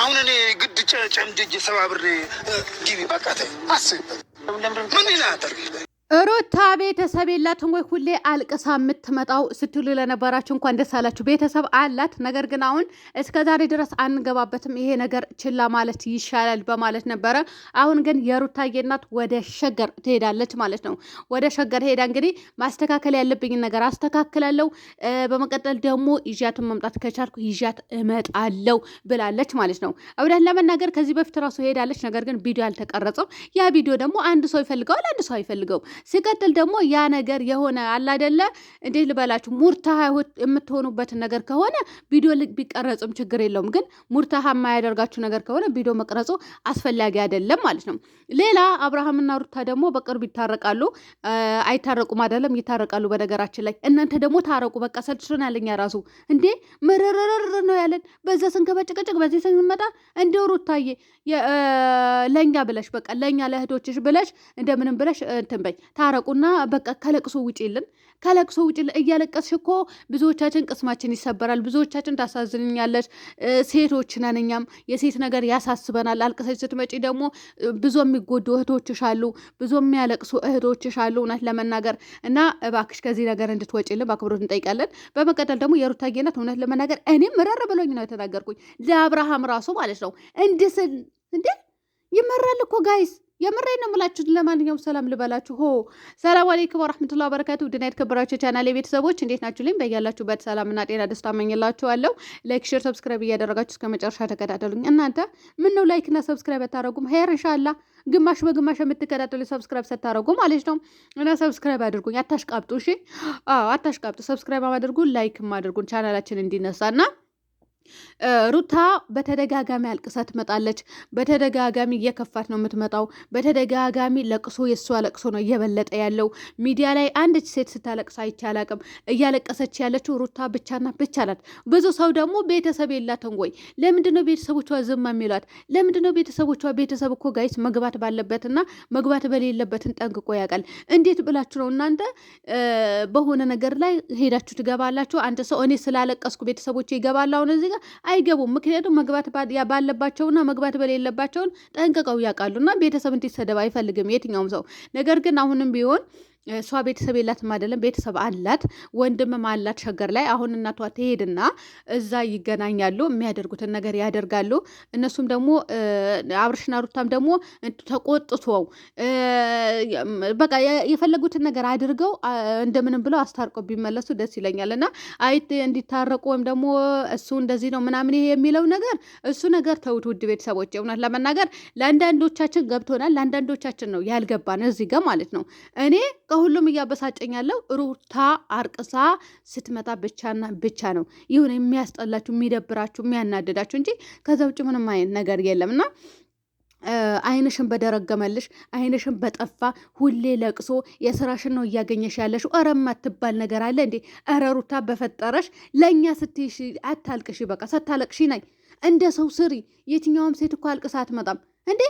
አሁን እኔ ግድ ጨምድጅ ሰባብሬ ዲቢ በቃ ተይ አስብበት። ምን ይላል ሩታ ቤተሰብ የላትም ወይ? ሁሌ አልቅሳ የምትመጣው ስትሉ ለነበራችሁ እንኳን ደስ አላችሁ። ቤተሰብ አላት፣ ነገር ግን አሁን እስከ ዛሬ ድረስ አንገባበትም፣ ይሄ ነገር ችላ ማለት ይሻላል በማለት ነበረ። አሁን ግን የሩታዬ እናት ወደ ሸገር ትሄዳለች ማለት ነው። ወደ ሸገር ሄዳ እንግዲህ ማስተካከል ያለብኝ ነገር አስተካክላለሁ፣ በመቀጠል ደግሞ ይዣትን መምጣት ከቻልኩ ይዣት እመጣለሁ ብላለች ማለት ነው። እውነት ለመናገር ከዚህ በፊት ራሱ ሄዳለች፣ ነገር ግን ቪዲዮ አልተቀረጸም። ያ ቪዲዮ ደግሞ አንድ ሰው ይፈልገዋል፣ አንድ ሰው አይፈልገውም። ሲቀጥል ደግሞ ያ ነገር የሆነ አላደለ እንዴት ልበላችሁ ሙርታሃ የምትሆኑበትን ነገር ከሆነ ቪዲዮ ቢቀረጽም ችግር የለውም። ግን ሙርታሃ የማያደርጋችሁ ነገር ከሆነ ቪዲዮ መቅረጹ አስፈላጊ አይደለም ማለት ነው። ሌላ አብርሃምና ሩታ ደግሞ በቅርብ ይታረቃሉ። አይታረቁም አይደለም ይታረቃሉ። በነገራችን ላይ እናንተ ደግሞ ታረቁ። በቃ ሰልችቶን ያለኛ ራሱ እንዴ ምርርርር ነው ያለን። በዛ ስንገበጭቅጭቅ በዚህ ስንመጣ እንደ ሩታዬ ለእኛ ብለሽ በቃ ለእኛ ለእህቶችሽ ብለሽ እንደምንም ብለሽ እንትን በይ ታረቁና በቃ ከለቅሶ ውጪልን ከለቅሶ ውጭ እያለቀስሽ እኮ ብዙዎቻችን ቅስማችን ይሰበራል። ብዙዎቻችን ታሳዝንኛለች። ሴቶች ነን እኛም የሴት ነገር ያሳስበናል። አልቅሰች ስትመጪ ደግሞ ብዙ የሚጎዱ እህቶችሽ አሉ፣ ብዙ የሚያለቅሱ እህቶችሽ አሉ። እውነት ለመናገር እና እባክሽ ከዚህ ነገር እንድትወጪልን በአክብሮት እንጠይቃለን። በመቀጠል ደግሞ ጌነት እውነት ለመናገር እኔም ምረር ብሎኝ ነው የተናገርኩኝ ለአብርሃም ራሱ ማለት ነው እንድስል እንዴ ይመራል እኮ ጋይስ የምሬ ነው የምላችሁ። ለማንኛውም ሰላም ልበላችሁ። ሆ ሰላም አለይኩም ወራህመቱላሂ ወበረካቱ። ውድና የተከበራችሁ ቻናል የቤተሰቦች እንዴት ናችሁ? ልኝ በያላችሁበት ሰላምና ጤና ደስታ መኝላችኋለሁ። ላይክ፣ ሼር፣ ሰብስክራይብ እያደረጋችሁ እስከ መጨረሻ ተከታተሉኝ። እናንተ ምን ነው ላይክ እና ሰብስክራይብ አታረጉም? ሄር እንሻላ ግማሽ በግማሽ የምትከታተሉ ሰብስክራይብ ስታረጉ ማለት ነው። እና ሰብስክራይብ አድርጉኝ፣ አታሽቃብጡ። እሺ አዎ፣ አታሽቃብጡ፣ ሰብስክራይብ አድርጉ፣ ላይክም አድርጉን ቻናላችን እንዲነሳና ሩታ በተደጋጋሚ አልቅሳ ትመጣለች። በተደጋጋሚ እየከፋት ነው የምትመጣው። በተደጋጋሚ ለቅሶ የእሷ ለቅሶ ነው እየበለጠ ያለው። ሚዲያ ላይ አንድች ሴት ስታለቅስ አይቼ አላቅም። እያለቀሰች ያለችው ሩታ ብቻና ብቻ ናት። ብዙ ሰው ደግሞ ቤተሰብ የላትም ወይ? ለምንድነው ቤተሰቦቿ ዝም የሚሏት? ለምንድነው ቤተሰቦቿ? ቤተሰብ እኮ ጋይስ መግባት ባለበትና መግባት በሌለበትን ጠንቅቆ ያውቃል። እንዴት ብላችሁ ነው እናንተ በሆነ ነገር ላይ ሄዳችሁ ትገባላችሁ? አንድ ሰው እኔ ስላለቀስኩ ቤተሰቦች ይገባል አሁን እዚህ ጋር አይገቡም። ምክንያቱም መግባት ባለባቸውና መግባት በሌለባቸውን ጠንቅቀው ያውቃሉና ቤተሰብ እንዲሰደብ አይፈልግም የትኛውም ሰው ነገር ግን አሁንም ቢሆን እሷ ቤተሰብ የላትም አይደለም፣ ቤተሰብ አላት፣ ወንድምም አላት ሸገር ላይ። አሁን እናቷ ትሄድና እዛ ይገናኛሉ፣ የሚያደርጉትን ነገር ያደርጋሉ። እነሱም ደግሞ አብርሽና ሩታም ደግሞ ተቆጥቶው በቃ የፈለጉትን ነገር አድርገው እንደምንም ብለው አስታርቀው ቢመለሱ ደስ ይለኛል። እና አይ እንዲታረቁ ወይም ደግሞ እሱ እንደዚህ ነው ምናምን ይሄ የሚለው ነገር እሱ ነገር ተውት። ውድ ቤተሰቦች እውነት ለመናገር ለአንዳንዶቻችን ገብቶናል፣ ለአንዳንዶቻችን ነው ያልገባን እዚህ ጋር ማለት ነው እኔ ከሁሉም እያበሳጨኝ ያለው ሩታ አርቅሳ ስትመጣ ብቻና ብቻ ነው። ይሁን የሚያስጠላችሁ፣ የሚደብራችሁ፣ የሚያናደዳችሁ እንጂ ከዛ ውጭ ምንም አይነት ነገር የለም እና አይንሽን በደረገመልሽ አይንሽን በጠፋ ሁሌ ለቅሶ የስራሽን ነው እያገኘሽ ያለሽ። ኧረ የማትባል ነገር አለ እንዴ? ኧረ ሩታ በፈጠረሽ ለእኛ ስትይሽ አታልቅሽ። በቃ ስታለቅሽ ነኝ እንደ ሰው ስሪ። የትኛውም ሴት እኮ አልቅሳ አትመጣም እንዴ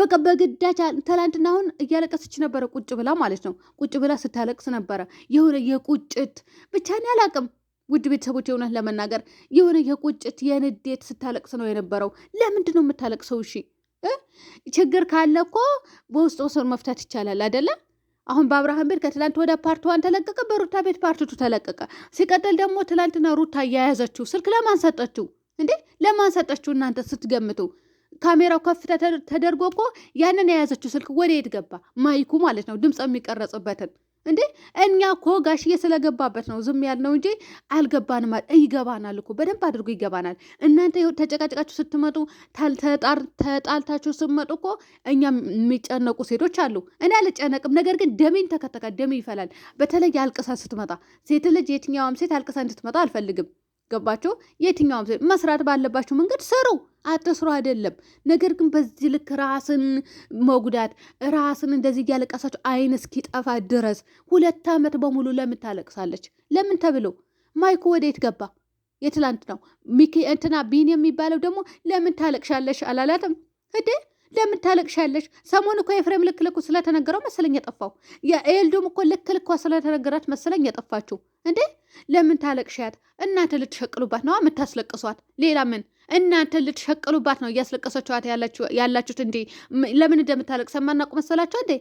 በቃ በግዳጅ ትላንትና አሁን እያለቀሰች ነበረ፣ ቁጭ ብላ ማለት ነው። ቁጭ ብላ ስታለቅስ ነበረ። የሆነ የቁጭት ብቻ እኔ አላቅም። ውድ ቤተሰቦች የእውነት ለመናገር የሆነ የቁጭት የንዴት ስታለቅስ ነው የነበረው። ለምንድን ነው የምታለቅሰው? እሺ ችግር ካለ እኮ በውስጥ ወሰን መፍታት ይቻላል አይደለም? አሁን በአብርሃም ቤት ከትላንት ወደ ፓርት ዋን ተለቀቀ፣ በሩታ ቤት ፓርት ቱ ተለቀቀ። ሲቀጥል ደግሞ ትላንትና ሩታ እያያዘችው ስልክ ለማን ሰጠችው እንዴ? ለማን ሰጠችው እናንተ ስትገምቱ ካሜራው ከፍ ተደርጎ እኮ ያንን የያዘችው ስልክ ወደ የት ገባ? ማይኩ ማለት ነው ድምፅ የሚቀረጽበትን እንዴ እኛ እኮ ጋሽዬ ስለገባበት ነው ዝም ያልነው እንጂ አልገባንም። ይገባናል እኮ በደንብ አድርጎ ይገባናል። እናንተ ተጨቃጭቃችሁ ስትመጡ ተጣልታችሁ ስትመጡ እኮ እኛ የሚጨነቁ ሴቶች አሉ። እኔ አልጨነቅም፣ ነገር ግን ደሜን ተከተካል፣ ደሜ ይፈላል። በተለይ አልቅሳ ስትመጣ ሴት ልጅ የትኛዋም ሴት አልቅሳ እንድትመጣ አልፈልግም። ገባችሁ? የትኛውም መስራት ባለባችሁ መንገድ ስሩ፣ አትስሩ አይደለም። ነገር ግን በዚህ ልክ ራስን መጉዳት ራስን እንደዚህ እያለቀሳችሁ አይን እስኪጠፋ ድረስ ሁለት ዓመት በሙሉ ለምን ታለቅሳለች? ለምን ተብሎ ማይኩ ወዴት ገባ? የትላንት ነው ሚኪ እንትና ቢን የሚባለው ደግሞ ለምን ታለቅሻለሽ አላላትም እንዴ? ለምን ታለቅሻለሽ? ሰሞን እኮ የፍሬም ልክ ልኩ ስለተነገረው መሰለኝ የጠፋው። የኤልዱም እኮ ልክ ልኳ ስለተነገራት መሰለኝ የጠፋችው። እንዴ ለምን ታለቅሻያት? እናንተ ልትሸቅሉባት ነው የምታስለቅሷት። ሌላ ምን እናንተ ልትሸቅሉባት ነው እያስለቀሰችዋት ያላችሁት እንዴ ለምን እንደምታለቅ ሰማናቁ መሰላቸው እንዴ?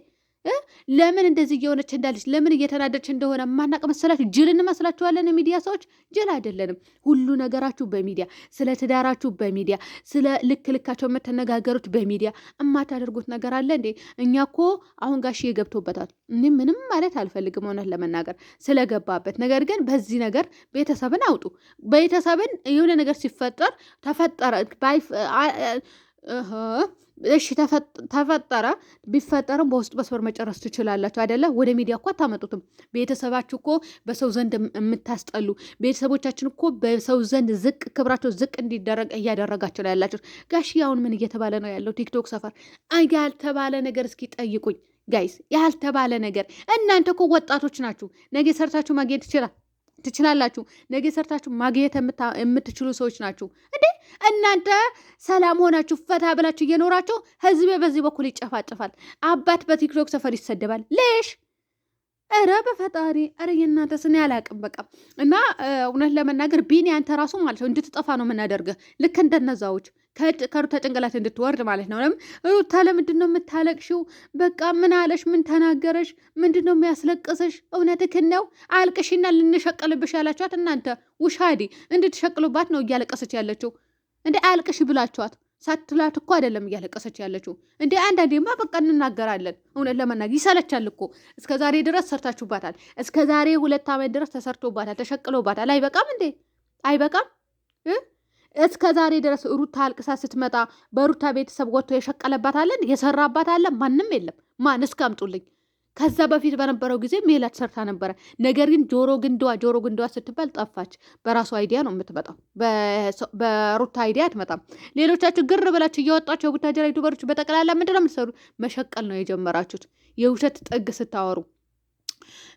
ለምን እንደዚህ እየሆነች እንዳለች ለምን እየተናደች እንደሆነ ማናቅ መሰላችሁ? ጅል እንመስላችኋለን? የሚዲያ ሰዎች ጅል አይደለንም። ሁሉ ነገራችሁ በሚዲያ ስለ ትዳራችሁ በሚዲያ ስለ ልክ ልካቸው የምትነጋገሩት በሚዲያ እማታደርጉት ነገር አለ እንዴ? እኛ ኮ አሁን ጋሽዬ ገብቶበታል። እኔ ምንም ማለት አልፈልግም እውነት ለመናገር ስለገባበት ነገር ግን በዚህ ነገር ቤተሰብን አውጡ። ቤተሰብን የሆነ ነገር ሲፈጠር ተፈጠረ እሺ ተፈጠረ ቢፈጠርም በውስጥ መስመር መጨረስ ትችላላችሁ አይደለ? ወደ ሚዲያ እኮ አታመጡትም። ቤተሰባችሁ እኮ በሰው ዘንድ የምታስጠሉ ቤተሰቦቻችን እኮ በሰው ዘንድ ዝቅ ክብራቸው ዝቅ እንዲደረግ እያደረጋቸው ላይ ያላችሁ። ጋሽ አሁን ምን እየተባለ ነው ያለው? ቲክቶክ ሰፈር ያልተባለ ነገር እስኪ ጠይቁኝ ጋይስ፣ ያልተባለ ነገር። እናንተ እኮ ወጣቶች ናችሁ። ነገ ሰርታችሁ ማግኘት ትችላላችሁ። ነገ ሰርታችሁ ማግኘት የምትችሉ ሰዎች ናችሁ እንዴ እናንተ ሰላም ሆናችሁ ፈታ ብላችሁ እየኖራችሁ ህዝቤ በዚህ በኩል ይጨፋጨፋል። አባት በቲክቶክ ሰፈር ይሰደባል። ሌሽ ረ በፈጣሪ ረ የእናንተ ስን ያላቅም በቃ እና እውነት ለመናገር ቢኒ አንተ ራሱ ማለት ነው እንድትጠፋ ነው የምናደርግህ። ልክ እንደነዛዎች ከሩታ ጭንቅላት እንድትወርድ ማለት ነው። ለም ሩታ ለምንድን ነው የምታለቅሽው? በቃ ምን አለሽ? ምን ተናገረሽ? ምንድን ነው የሚያስለቅስሽ? እውነትህን ነው። አልቅሽና ልንሸቅልብሽ ያላችኋት እናንተ ውሻዲ እንድትሸቅሉባት ነው እያለቀሰች ያለችው። እንደ አልቅሽ ብላችኋት ሳትላት እኮ አይደለም እያለቀሰች ያለችው። እንደ አንዳንዴማ በቃ እንናገራለን። እውነት ለመናገር ይሰለቻል እኮ እስከ ዛሬ ድረስ ሰርታችሁባታል። እስከ ዛሬ ሁለት ዓመት ድረስ ተሰርቶባታል፣ ተሸቅሎባታል። አይበቃም እንዴ? አይበቃም እስከ ዛሬ ድረስ ሩታ አልቅሳ ስትመጣ በሩታ ቤተሰብ ወጥቶ የሸቀለባት አለን የሰራባት አለ ማንም የለም። ማን እስከ አምጡልኝ ከዛ በፊት በነበረው ጊዜ ሜላት ሰርታ ነበረ። ነገር ግን ጆሮ ግንድዋ ጆሮ ግንድዋ ስትባል ጠፋች። በራሱ አይዲያ ነው የምትመጣው፣ በሩታ አይዲያ አትመጣም። ሌሎቻችሁ ግር ብላችሁ እያወጣችሁ የቡታጀራ ዩቱበሮች በጠቅላላ ምንድን ነው የምትሰሩ? መሸቀል ነው የጀመራችሁት የውሸት ጥግ ስታወሩ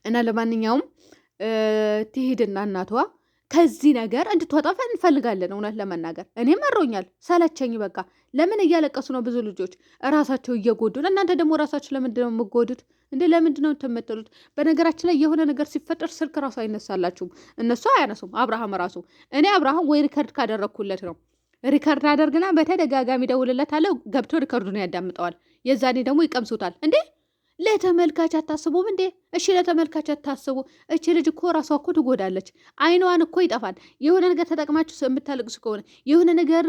እና ለማንኛውም ትሄድና እናትዋ። ከዚህ ነገር እንድትወጣ እንፈልጋለን። እውነት ለመናገር እኔ መሮኛል፣ ሰለቸኝ። በቃ ለምን እያለቀሱ ነው? ብዙ ልጆች እራሳቸው እየጎዱ እናንተ ደግሞ ራሳቸው ለምንድን ነው የምጎዱት? እንዴ ለምንድን ነው የምትመጠሉት? በነገራችን ላይ የሆነ ነገር ሲፈጠር ስልክ ራሱ አይነሳላችሁም። እነሱ አያነሱም። አብርሃም ራሱ እኔ አብርሃም ወይ ሪከርድ ካደረግኩለት ነው ሪከርድ አደርግና በተደጋጋሚ ደውልለት አለው። ገብቶ ሪከርዱን ያዳምጠዋል። የዛኔ ደግሞ ይቀምሱታል እንዴ ለተመልካች አታስቡም እንዴ? እሺ ለተመልካች አታስቡ። እቺ ልጅ እኮ ራሷ እኮ ትጎዳለች። አይኗን እኮ ይጠፋል። የሆነ ነገር ተጠቅማችሁ የምታለቅሱ ከሆነ የሆነ ነገር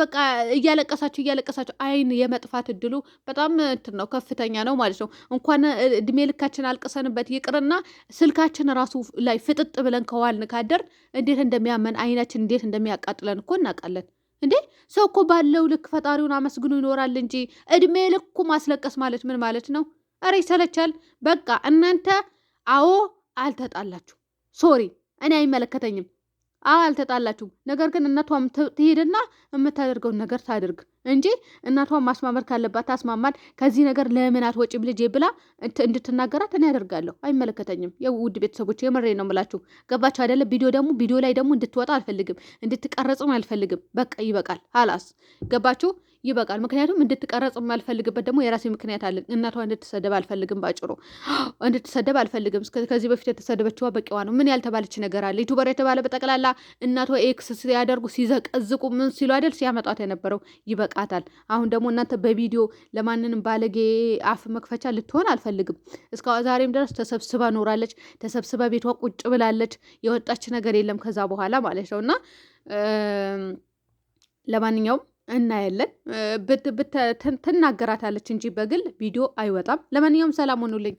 በቃ እያለቀሳችሁ እያለቀሳችሁ አይን የመጥፋት እድሉ በጣም እንትን ነው ከፍተኛ ነው ማለት ነው። እንኳን እድሜ ልካችን አልቅሰንበት ይቅርና ስልካችን ራሱ ላይ ፍጥጥ ብለን ከዋልን ካደር እንዴት እንደሚያመን አይናችን እንዴት እንደሚያቃጥለን እኮ እናውቃለን። እንዴ ሰው እኮ ባለው ልክ ፈጣሪውን አመስግኖ ይኖራል እንጂ እድሜ ልኩ ማስለቀስ ማለት ምን ማለት ነው? እረ ይሰለቻል። በቃ እናንተ አዎ፣ አልተጣላችሁ። ሶሪ፣ እኔ አይመለከተኝም። አዎ አልተጣላችሁም። ነገር ግን እናቷም ትሄድና የምታደርገውን ነገር ታደርግ እንጂ እናቷን ማስማመር ካለባት ታስማማን። ከዚህ ነገር ለምን አትወጪም ልጄ ብላ እንድትናገራት እኔ ያደርጋለሁ። አይመለከተኝም። የውድ ቤተሰቦች የምሬ ነው ምላችሁ ገባችሁ አይደለ? ቪዲዮ ደግሞ ቪዲዮ ላይ ደግሞ እንድትወጣ አልፈልግም፣ እንድትቀረጽም አልፈልግም። በቃ ይበቃል። አላስ ገባችሁ? ይበቃል። ምክንያቱም እንድትቀረጽ የማልፈልግበት ደግሞ የራሴ ምክንያት አለን። እናቷ እንድትሰደብ አልፈልግም፣ ባጭሩ እንድትሰደብ አልፈልግም። ከዚህ በፊት የተሰደበችዋ በቂዋ ነው። ምን ያልተባለች ነገር አለ? ዩቱበር የተባለ በጠቅላላ እናቷ ኤክስ ሲያደርጉ ሲዘቀዝቁ ምን ሲሉ አይደል ሲያመጧት የነበረው ይበቃታል። አሁን ደግሞ እናንተ በቪዲዮ ለማንንም ባለጌ አፍ መክፈቻ ልትሆን አልፈልግም። እስከ ዛሬም ድረስ ተሰብስባ ኖራለች። ተሰብስባ ቤቷ ቁጭ ብላለች። የወጣች ነገር የለም ከዛ በኋላ ማለት ነው እና ለማንኛውም እናያለን። ትናገራታለች እንጂ በግል ቪዲዮ አይወጣም። ለማንኛውም ሰላም ሆኑልኝ።